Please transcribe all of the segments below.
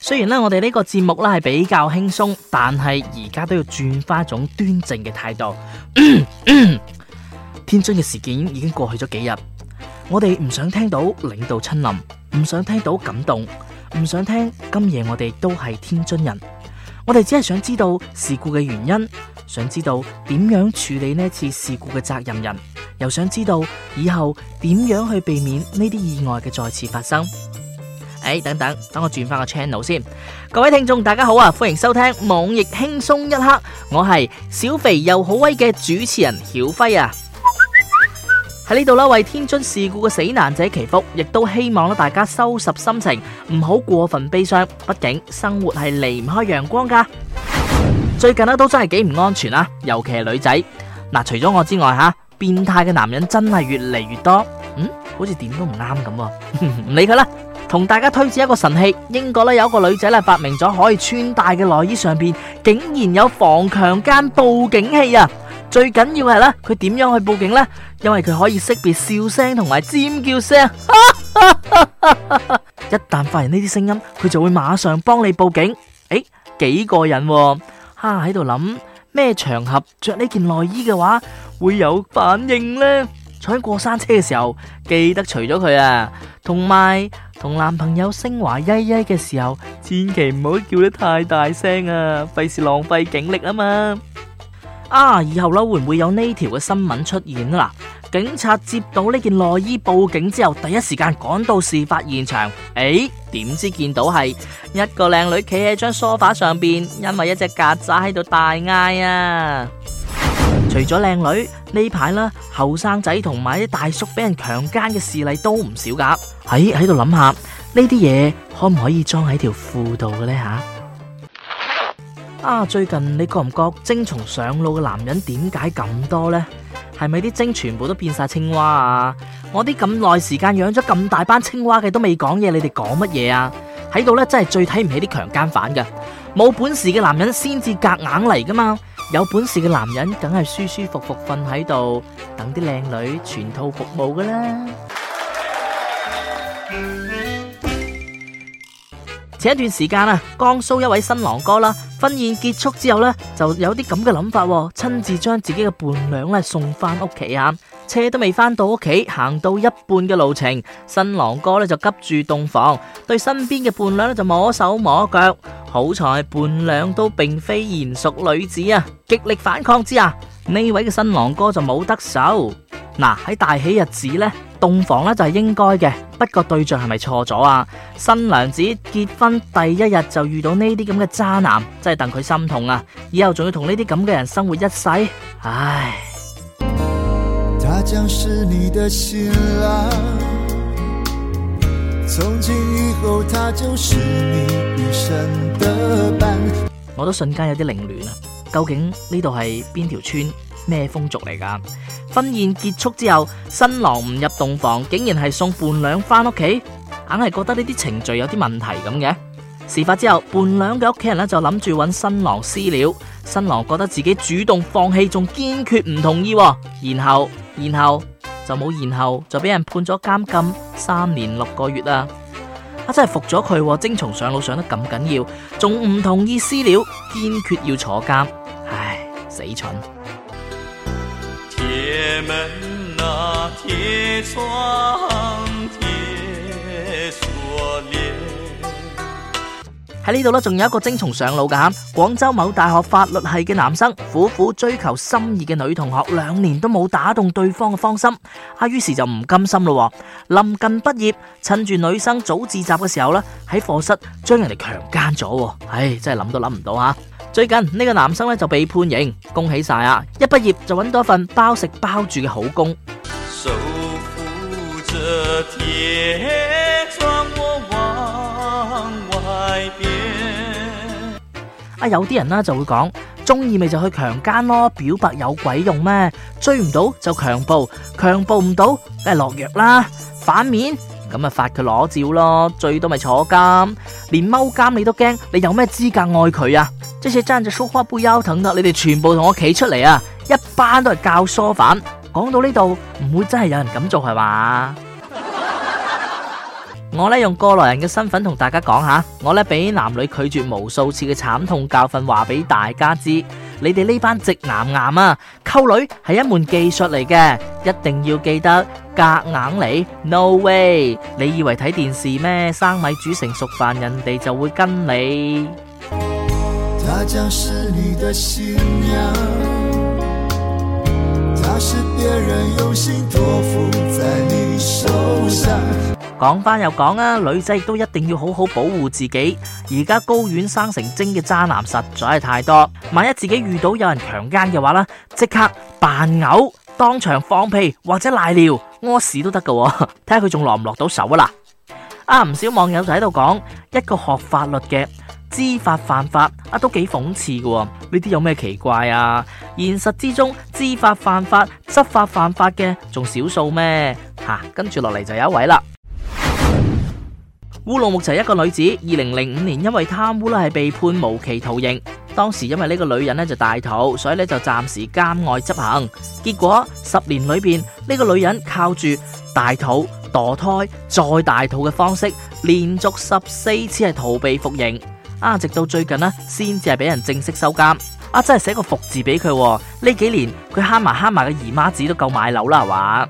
雖然咧，我哋呢個節目咧係比較輕鬆，但係而家都要轉翻一種端正嘅態度。 天津嘅事件已經過去咗幾日，我哋唔想聽到領導親臨，唔想聽到感動，唔想聽今夜我哋都係天津人，我哋只係想知道事故嘅原因。想知道點樣處理呢次事故嘅責任人，又想知道以後點樣去避免呢啲意外嘅再次發生？誒、哎，等等，等我轉翻個 channel 先。各位聽眾，大家好啊，歡迎收聽網易輕鬆一刻，我係小肥又好威嘅主持人曉輝啊。喺呢度啦，為天津事故嘅死難者祈福，亦都希望啦大家收拾心情，唔好過分悲傷，畢竟生活係離唔開陽光噶。最近啊，都真係幾唔安全啊，尤其係女仔嗱、啊。除咗我之外，吓、啊、變態嘅男人真係越嚟越多。嗯，好似點都唔啱咁啊。唔 理佢啦，同大家推薦一個神器。英國咧有一個女仔咧發明咗可以穿戴嘅內衣上面，上邊竟然有防強姦報警器啊。最緊要係啦，佢點樣去報警呢？因為佢可以識別笑聲同埋尖叫聲， 一旦發現呢啲聲音，佢就會馬上幫你報警。誒、欸，幾過癮、啊。啊！喺度諗咩場合着呢件內衣嘅話會有反應呢？坐喺過山車嘅時候記得除咗佢啊！同埋同男朋友升華曳曳嘅時候，千祈唔好叫得太大聲啊！費事浪費警力啊嘛！啊！以後啦會唔會有呢條嘅新聞出現啊？警察接到呢件內衣報警之後，第一時間趕到事發現場。誒、哎，點知見到係一個靚女企喺張梳化上邊，因為一隻曱甴喺度大嗌啊！除咗靚女，呢排啦，後生仔同埋啲大叔俾人強奸嘅事例都唔少噶。喺喺度諗下，呢啲嘢可唔可以裝喺條褲度嘅呢？吓！啊，最近你覺唔覺精蟲上腦嘅男人點解咁多呢？係咪啲精全部都變晒青蛙啊！我啲咁耐時間養咗咁大班青蛙嘅都未講嘢，你哋講乜嘢啊？喺度咧真係最睇唔起啲強姦犯噶冇本事嘅男人先至夾硬嚟噶嘛有本事嘅男人梗係舒舒服服瞓喺度，等啲靚女全套服務噶啦。 前一段時間啊，江蘇一位新郎哥啦。婚宴結束之後呢，就有啲咁嘅諗法，哦，親自將自己嘅伴娘呢送返屋企啊！車都未返到屋企，行到一半嘅路程，新郎哥呢就急住洞房，對身邊嘅伴娘呢就摸手摸腳。好彩伴娘都並非賢淑女子啊！極力反抗之下，呢位嘅新郎哥就冇得手。嗱，啊，喺大喜日子呢。洞房咧就係應該嘅，不過對象係咪錯咗啊？新娘子結婚第一日就遇到呢啲咁嘅渣男，真係戥佢心痛啊！以後仲要同呢啲咁嘅人生活一世，唉！他將是你的新郎，從今以後他就是你餘生的伴。我都瞬間有啲凌亂啊！究竟呢度係邊條村？咩風俗嚟㗎？婚宴結束之後，新郎唔入洞房，竟然係送伴娘返屋企，硬係覺得呢啲程序有啲問題咁嘅。事發之後，伴娘嘅屋企人呢就諗住揾新郎私了，新郎覺得自己主動放棄，仲堅決唔同意喎。然後，然後就冇然後，就俾人判咗監禁三年六個月啦、啊。啊真係服咗佢喎，精蟲上腦上得咁緊要，仲唔同意私了，堅決要坐監，唉，死蠢！喺呢度呢，仲有一個精蟲上腦噶，廣州某大學法律系嘅男生苦苦追求心儀嘅女同學兩年都冇打動對方嘅芳心，啊，於是就唔甘心咯，臨近畢業，趁住女生早自習嘅時候呢，喺課室將人哋強姦咗，唉，真係諗都諗唔到啊！最近呢個男生咧，就被判刑，恭喜晒啊！一畢業就揾到一份包食包住嘅好工。啊，有啲人呢就會講，中意咪就去強姦咯，表白有鬼用咩？追唔到就強暴，強暴唔到梗係落藥啦，反面。咁咪發佢裸照咯，最多咪坐監，連踎監你都驚，你有咩資格愛佢啊？即使爭住梳花背腰，疼得你哋全部同我企出嚟啊！一班都係教唆犯，講到呢度唔會真係有人咁做係嘛？ 我咧用過來人嘅身份同大家講下。我咧俾男女拒絕無數次嘅慘痛教訓，話俾大家知。你哋呢班直男癌啊，溝女係一門技術嚟嘅，一定要記得夾硬嚟，No way！你以為睇電視咩？生米煮成熟飯，人哋就會跟你。她將是你的新娘，她是別人用心託付在你手上。講翻又講啦，女仔亦都一定要好好保護自己。而家高院生成精嘅渣男實在係太多，萬一自己遇到有人強奸嘅話啦，即刻扮嘔，當場放屁或者瀨尿屙屎都得噶喎。睇下佢仲落唔落到手啊啦。啊，唔少網友就喺度講一個學法律嘅知法犯法啊，都幾諷刺噶喎。呢啲有咩奇怪啊？現實之中知法犯法、執法犯法嘅仲少數咩吓？跟住落嚟就有一位啦。烏魯木齊一個女子，二零零五年因為貪污咧係被判無期徒刑，當時因為呢個女人咧就大肚，所以咧就暫時監外執行。結果十年裏邊呢個女人靠住大肚墮胎再大肚嘅方式，連續十四次係逃避服刑啊！直到最近呢，先至係俾人正式收監啊！真係寫個服字俾佢，啊，呢幾年佢慳埋慳埋嘅姨媽紙都夠買樓啦，係嘛？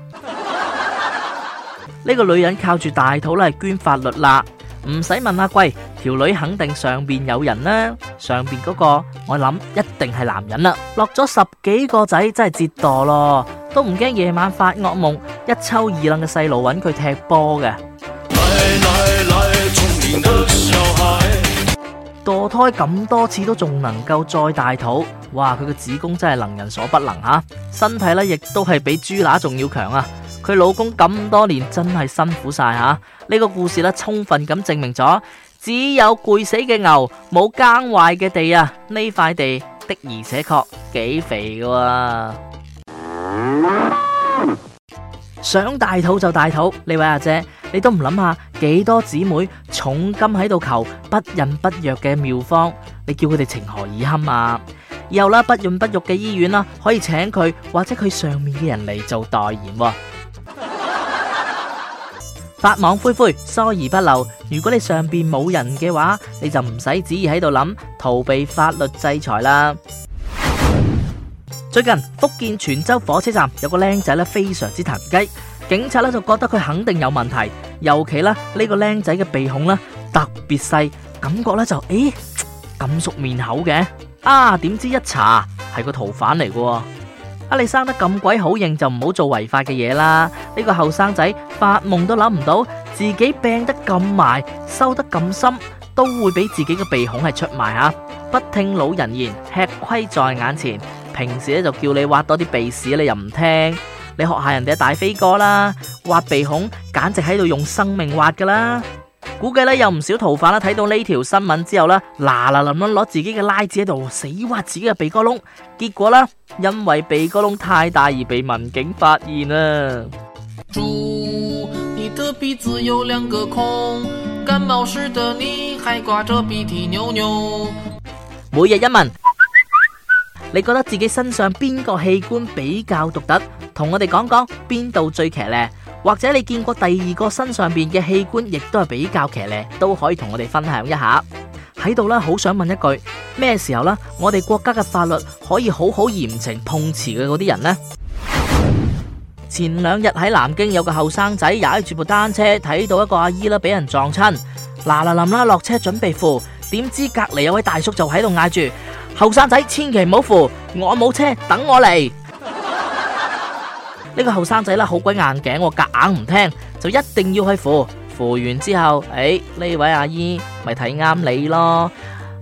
呢個女人靠住大肚咧，係捐法律啦，唔使問阿貴，條女肯定上邊有人啦。上邊嗰個我諗一定係男人啦，落咗十幾個仔真係折墮咯，都唔驚夜晚發惡夢，一抽二愣嘅細路揾佢踢波嘅。墮胎咁多次都仲能夠再大肚，哇！佢嘅子宮真係能人所不能吓，身體咧亦都係比豬乸仲要強啊！佢老公咁多年真係辛苦晒吓，呢、啊這個故事咧充分咁證明咗，只有攰死嘅牛，冇耕壞嘅地啊！呢塊地的而且確幾肥噶、啊，嗯、想大肚就大肚。呢位阿姐，你都唔諗下幾多姊妹重金喺度求不孕不育嘅妙方，你叫佢哋情何以堪啊？以後啦，不孕不育嘅醫院啦，可以請佢或者佢上面嘅人嚟做代言喎。啊法網恢恢，疏而不漏。如果你上邊冇人嘅話，你就唔使旨意喺度諗，逃避法律制裁啦。 最近福建泉州火車站有個僆仔咧非常之騰雞，警察咧就覺得佢肯定有問題，尤其咧呢個僆仔嘅鼻孔咧特別細，感覺咧就誒咁、欸、熟面口嘅，啊點知一查係個逃犯嚟噶。啊！你生得咁鬼好型，就唔好做違法嘅嘢啦。呢個後生仔發夢都諗唔到，自己病得咁埋，收得咁深，都會俾自己嘅鼻孔係出賣。吓。不聽老人言，吃虧在眼前。平時咧就叫你挖多啲鼻屎，你又唔聽。你學下人哋大飛哥啦，挖鼻孔簡直喺度用生命挖噶啦。估計咧，有唔少逃犯啦，睇到呢條新聞之後咧，嗱嗱淋諗攞自己嘅拉子喺度死挖自己嘅鼻哥窿，結果咧，因為鼻哥窿太大而被民警發現啊！豬，你的鼻子有兩個孔，感冒時的你還掛着鼻涕牛牛。每日一問， 你覺得自己身上邊個器官比較獨特？同我哋講講邊度最騎呢？或者你見過第二個身上邊嘅器官，亦都係比較騎呢，都可以同我哋分享一下喺度呢。好想問一句，咩時候呢？我哋國家嘅法律可以好好嚴懲碰瓷嘅嗰啲人呢？前兩日喺南京有個後生仔踩住部單車，睇到一個阿姨啦，俾人撞親，嗱嗱淋啦落車準備扶，點知隔籬有位大叔就喺度嗌住：後生仔，千祈唔好扶，我冇車，等我嚟。呢個後生仔啦，好鬼硬頸，我夾硬唔聽，就一定要去扶。扶完之後，誒、哎，呢位阿姨咪睇啱你咯，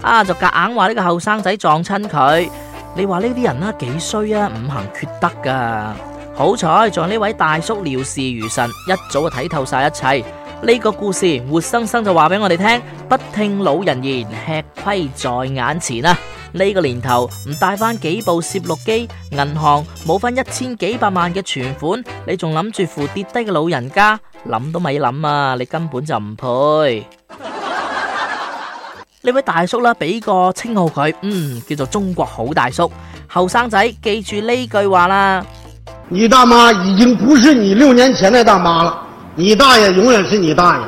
啊，就夾硬話呢個後生仔撞親佢。你話呢啲人啊，幾衰啊，五行缺德噶、啊。好彩，仲有呢位大叔料事如神，一早就睇透晒一切。呢個故事活生生就話俾我哋聽，不聽老人言，吃虧在眼前啊！呢個年頭唔帶翻幾部攝錄機，銀行冇翻一千幾百萬嘅存款，你仲諗住扶跌低嘅老人家，諗都咪諗啊！你根本就唔配。呢位大叔啦，俾個稱號佢。嗯，叫做中國好大叔。後生仔，記住呢句話啦。你大媽已經不是你六年前嘅大媽啦。你大爺永遠是你大爺。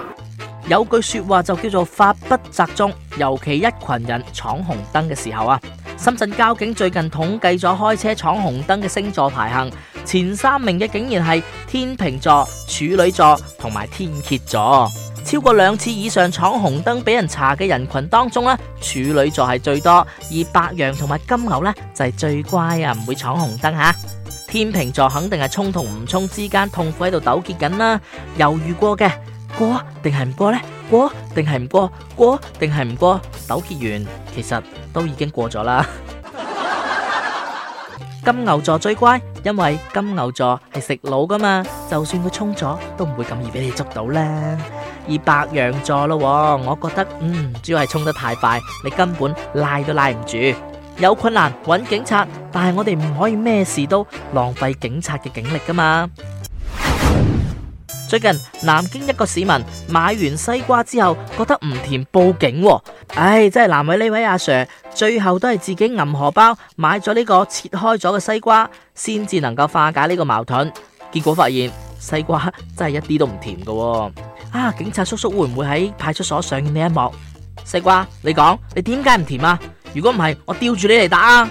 有句說話就叫做法不責眾，尤其一群人闖紅燈嘅時候啊。深圳交警最近統計咗開車闖紅燈嘅星座排行，前三名嘅竟然係天秤座、處女座同埋天蠍座。超過兩次以上闖紅燈俾人查嘅人群當中呢，處女座係最多，而白羊同埋金牛呢，就係最乖啊，唔會闖紅燈吓。天秤座肯定係衝同唔衝之間痛苦喺度糾結緊啦，猶豫過嘅，過定係唔過呢，過定係唔過，過定係唔過，糾結完其實都已經過咗啦。金牛座最乖，因為金牛座係食腦噶嘛，就算佢衝咗都唔會咁易俾你捉到啦。而白羊座咯，我覺得嗯主要係衝得太快，你根本拉都拉唔住。有困難揾警察，但係我哋唔可以咩事都浪費警察嘅警力噶嘛。最近南京一個市民買完西瓜之後，覺得唔甜報警。啊，唉、哎，真係難為呢位阿 Sir，最後都係自己揞荷包買咗呢個切開咗嘅西瓜，先至能夠化解呢個矛盾。結果發現西瓜真係一啲都唔甜噶、啊，啊！警察叔叔會唔會喺派出所上演呢一幕？西瓜，你講你點解唔甜啊？如果唔係，我吊住你嚟打啊！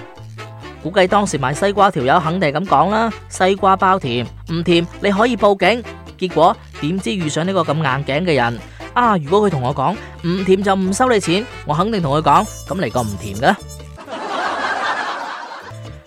估計當時買西瓜條友肯定咁講啦，西瓜包甜唔甜，你可以報警。結果點知遇上呢個咁硬頸嘅人啊！如果佢同我講唔甜就唔收你錢，我肯定同佢講咁嚟個唔甜噶啦。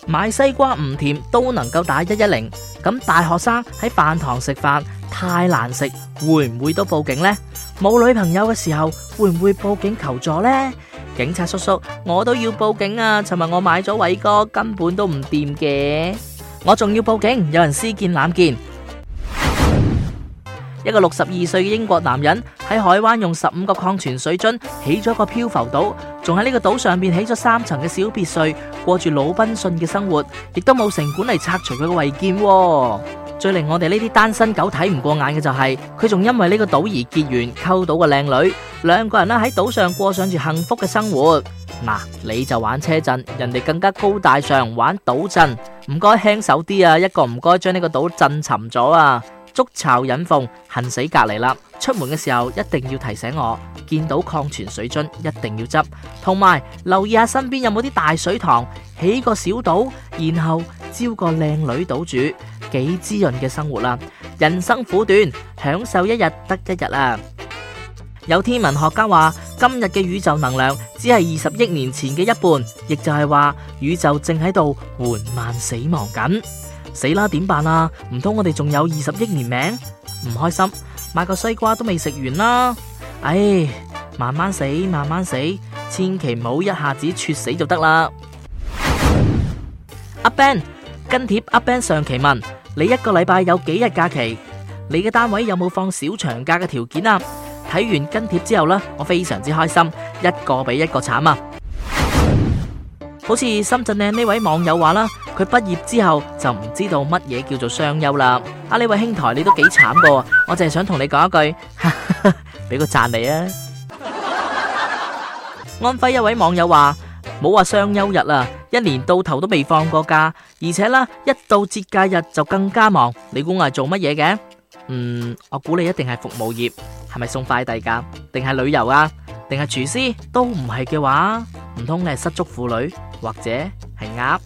買西瓜唔甜都能夠打一一零，咁大學生喺飯堂食飯太難食，會唔會都報警呢？冇女朋友嘅時候會唔會報警求助呢？警察叔叔，我都要報警啊！尋日我買咗偉哥，根本都唔掂嘅，我仲要報警，有人私建濫建。 一個六十二歲嘅英國男人喺海灣用十五個礦泉水樽起咗一個漂浮島，仲喺呢個島上面起咗三層嘅小別墅，過住魯濱遜嘅生活，亦都冇城管嚟拆除佢嘅違建。最令我哋呢啲單身狗睇唔過眼嘅就係佢仲因為呢個島而結緣，溝到個靚女，兩個人咧喺島上過上住幸福嘅生活。嗱，你就玩車震，人哋更加高大上，玩島震，唔該輕手啲啊！一個唔該將呢個島震沉咗啊！築巢引鳳，恨死隔離啦！出門嘅時候一定要提醒我，見到礦泉水樽一定要執，同埋留意下身邊有冇啲大水塘，起個小島，然後招個靚女島主，幾滋潤嘅生活啦、啊！人生苦短，享受一日得一日啊！有天文學家話，今日嘅宇宙能量只係二十億年前嘅一半，亦就係話宇宙正喺度緩慢死亡緊。死啦！點辦啊？唔通我哋仲有二十億年命？唔開心，買個西瓜都未食完啦！唉、哎，慢慢死，慢慢死，千祈唔好一下子猝死就得啦。阿、啊、Ben 跟帖，啊，阿 Ben 上期問你一個禮拜有幾日假期？你嘅單位有冇放小長假嘅條件啊？睇完跟帖之後呢，我非常之開心，一個比一個慘啊！好似深圳嘅呢位網友話啦，佢畢業之後就唔知道乜嘢叫做雙休啦。啊，呢位兄台你都幾慘噃，我淨係想同你講一句，哈俾個讚你啊！ 安徽一位網友話，冇話雙休日啦，一年到頭都未放過假，而且啦，一到節假日就更加忙。你估我係做乜嘢嘅？嗯，我估你一定係服務業，係咪送快遞噶？定係旅遊啊？定係廚師？都唔係嘅話，唔通你係失足婦女？或者係鴨。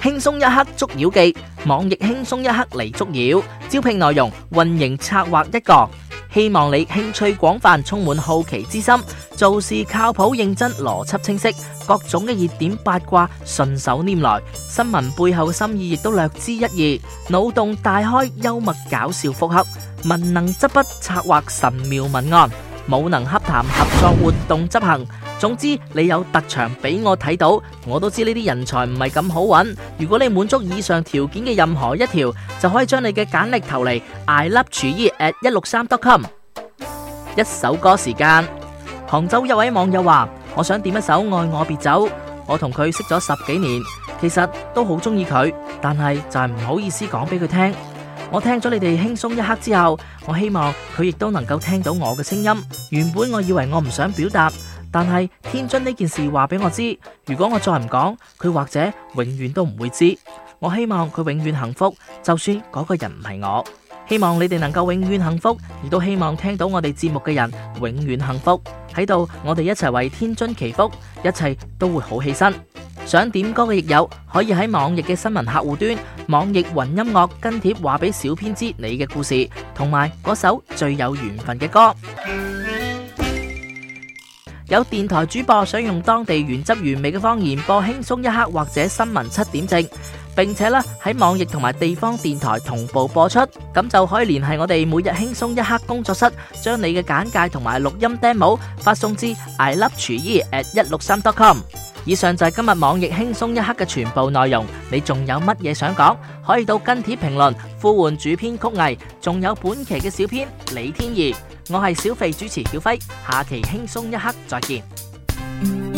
輕鬆一刻捉妖記，網易輕鬆一刻嚟捉妖。招聘內容運營策劃一個，希望你興趣廣泛，充滿好奇之心，做事靠譜認真，邏輯清晰，各種嘅熱點八卦順手拈來，新聞背後嘅心意亦都略知一二，腦洞大開，幽默搞笑，複合文能執筆策劃神妙文案。冇能洽談合作活動執行。總之，你有特長俾我睇到，我都知呢啲人才唔係咁好揾。如果你滿足以上條件嘅任何一條，就可以將你嘅簡歷投嚟 i love chu yi at 163 dot com。 一首歌時間，杭州有位網友話：我想點一首《愛我別走》，我同佢識咗十幾年，其實都好中意佢，但係就係唔好意思講俾佢聽。我聽咗你哋輕鬆一刻之後，我希望佢亦都能夠聽到我嘅聲音。原本我以為我唔想表達，但係天津呢件事話俾我知，如果我再唔講，佢或者永遠都唔會知。我希望佢永遠幸福，就算嗰個人唔係我。希望你哋能夠永遠幸福，亦都希望聽到我哋節目嘅人永遠幸福。喺度，我哋一齊為天津祈福，一切都會好起身。想點歌嘅亦有，可以喺網易嘅新聞客戶端、網易雲音樂跟貼話俾小編知你嘅故事，同埋嗰首最有緣分嘅歌。有電台主播想用當地原汁原味嘅方言播輕鬆一刻或者新聞七點正，並且咧喺網易同埋地方電台同步播出，咁就可以聯繫我哋每日輕鬆一刻工作室，將你嘅簡介同埋錄音 demo 發送至 i love 廚衣 at 一六三 dotcom。以上就係今日網易輕鬆一刻嘅全部內容。你仲有乜嘢想講？可以到跟帖評論呼喚主編曲藝，仲有本期嘅小編李天兒。我係小肥主持，小輝，下期輕鬆一刻再見。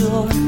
說。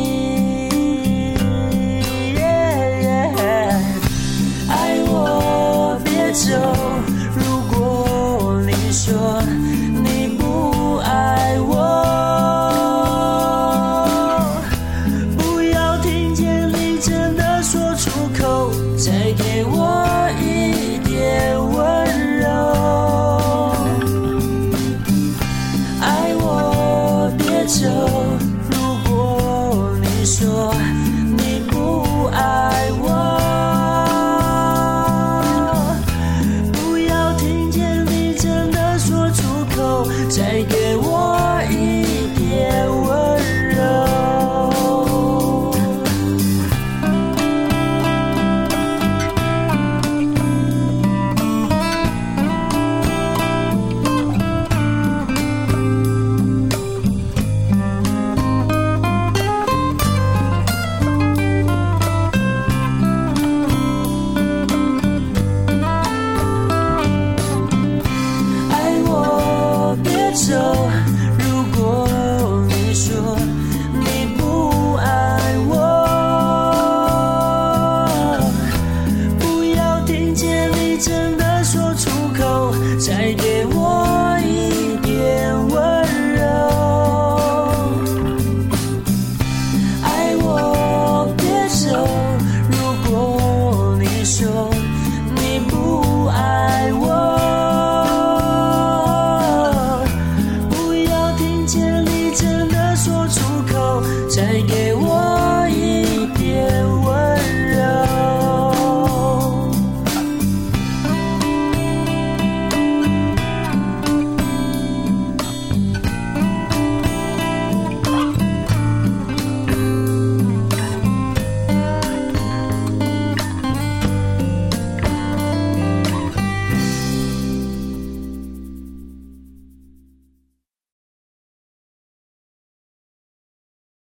再給我。